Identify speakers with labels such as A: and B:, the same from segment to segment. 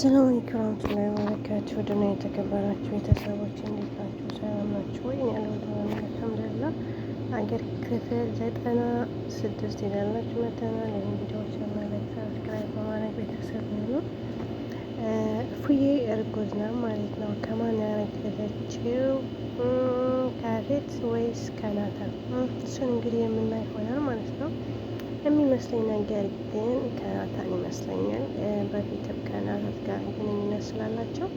A: አሰላሙ አለይኩም ወራህመቱላሂ ወበረካቱህ። ወደና የተከበራችሁ ቤተሰቦች እንዴት ናችሁ? ሰላም ናችሁ ወይ? ያለው ተባለ አልሐምዱሊላህ። አገር ክፍል ዘጠና ስድስት ይዛላችሁ መተናል። ይህን ቪዲዮዎች ማለት ሰብስክራይብ በማድረግ ቤተሰብ ሆኑ። እፉዬ እርጉዝ ነው ማለት ነው። ከማን ያረገዘችው ካፌት ወይስ ከናታ? እሱን እንግዲህ የምናይ ሆናል ማለት ነው። የሚመስለኝ ነገር ግን ከናታን ይመስለኛል። ከናት ጋር ግንኙነት ስላላቸው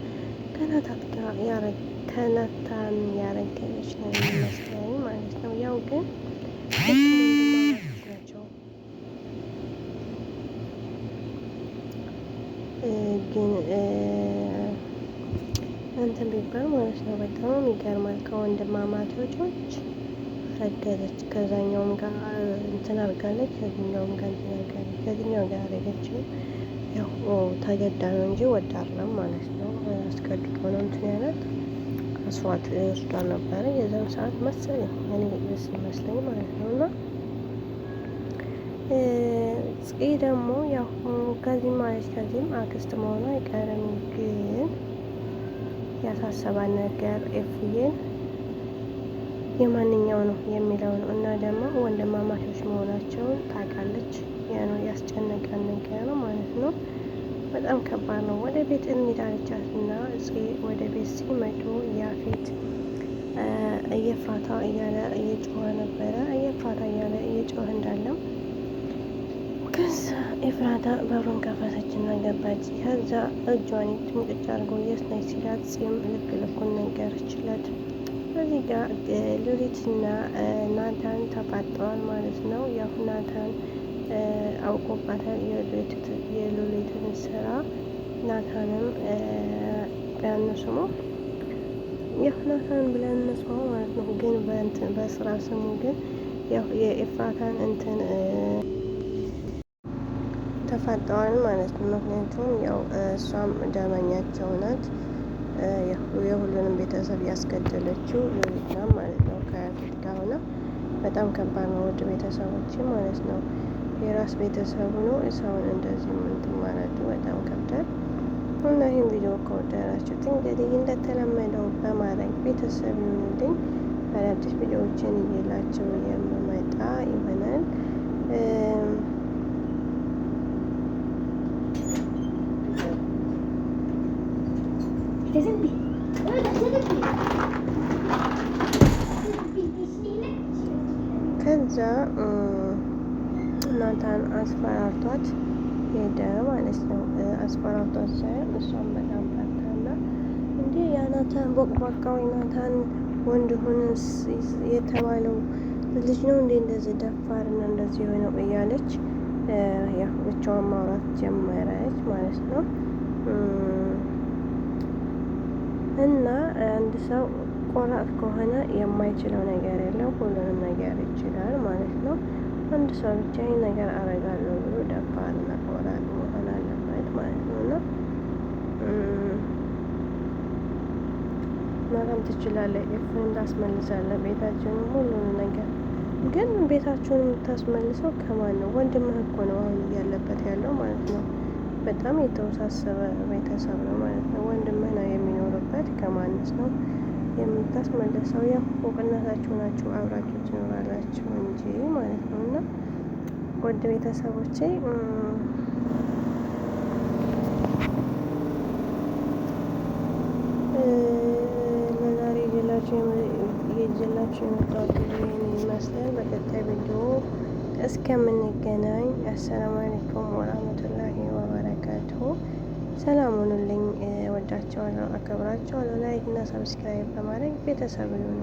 A: ከናታት ጋር ከናታን ያረገዘች ነው የሚመስለኝ ማለት ነው። ያው ግን ናቸው ግን እንትን ቢባል ማለት ነው። በጣም የሚገርማል። ከወንድማማቾች ረገዘች፣ ከዛኛውም ጋር እንትን አርጋለች፣ ከዚኛውም ጋር እንትን አርጋለች፣ ከዚኛው ጋር አረገችው ያው ተገዳ ነው እንጂ ወዳ አለም ማለት ነው። አስገድዶ ነው እንትን ያላት መስዋዕት ወስዳ ነበረ የዛን ሰዓት መሰለኝ እኔ ሲመስለኝ ማለት ነው። እና ጽ ደግሞ ያው ከዚህም ማለት ከዚህም አክስት መሆኑ አይቀርም። ግን ያሳሰባን ነገር ኤፍዬን የማንኛው ነው የሚለው ነው። እና ደግሞ ወንድማማቾች መሆናቸውን ታውቃለች። ያ ነው ያስጨነቀ በጣም ከባድ ነው። ወደ ቤት እንሂድ አለቻት እና እጽ ወደ ቤት ሲመጡ ያፌት እየፋታ እያለ እየጮኸ ነበረ። እየፋታ እያለ እየጮኸ እንዳለው ከዛ ኤፍራታ በሩን ከፈተች እና ገባች። ከዛ እጇን ሙጭጭ አድርጎ ነች ሲላት ጽም ልክ ልኩን ነገረችለት። በዚህ ጋር ሉሊት እና ናታን ተፋጠዋል ማለት ነው። ያው ናታን አውቆባታል የሉሊትን ስራ። ናታንም ብለን ስሙ ያው ናታን ብለን እንስማው ማለት ነው። ግን በእንትን በስራ ስሙ ግን ያው የኤፍራታን እንትን ተፋጠዋል ማለት ነው። ምክንያቱም ያው እሷም ደመኛቸው ናት። የሁሉንም ቤተሰብ ያስገደለችው ሉሊት ማለት ነው። ከያፌት ጋር ሆና በጣም ከባድ ነው። ውድ ቤተሰቦች ማለት ነው። የራስ ቤተሰቡ ነው። ሰውን እንደዚህ ምንትን ማለቱ በጣም ከብዳል እና ይህም ቪዲዮ ከወደዳችሁት እንግዲህ እንደተለመደው በማድረግ ቤተሰብ ይሁንልኝ። አዳዲስ ቪዲዮዎችን እየላቸው የምመጣ ይሆናል። ከዛ ናታን አስፈራርቷት ሄደ ማለት ነው። አስፈራርቷት ሳይሆን እሷን በጣም ፈርታና እንዴ ያናታን ቦቅቧቃዊ ናታን ወንድ ሆነስ የተባለው ልጅ ነው እንዴ እንደዚህ ደፋርና እንደዚህ የሆነው እያለች ያው ብቻዋን ማውራት ጀመረች ማለት ነው። እና አንድ ሰው ቆራጥ ከሆነ የማይችለው ነገር የለም፣ ሁሉንም ነገር ይችላል ማለት ነው። አንድ ሰው ብቻ ይህ ነገር አረጋለሁ ብሎ ደፋር እና ቆራጥ መሆን አለበት ማለት ነው። እና መረም ትችላለህ፣ ኤፍሬም ታስመልሳለህ። ቤታችን ሁሉን ነገር ግን ቤታችሁን የምታስመልሰው ከማን ነው? ወንድምህ እኮ ነው አሁን እያለበት ያለው ማለት ነው። በጣም የተወሳሰበ ቤተሰብ ነው ማለት ነው። ወንድምህ ነው የሚኖርበት። ከማንስ ነው የምታስመልሰው? ያው እውቅናታችሁ ናችሁ፣ አብራችሁ ትኖራላችሁ ውድ ቤተሰቦቼ ለዛሬ ይዤላችሁ የመጣሁት ይህን ይመስላል። በቀጣይ ቪዲዮ እስከምንገናኝ አሰላሙ አለይኩም ወራህመቱላሂ ወበረካቱሁ። ሰላም ሁኑልኝ። ወዳቸዋለሁ፣ አከብራቸዋለሁ። ላይክ እና ሰብስክራይብ በማድረግ ቤተሰብ ነው።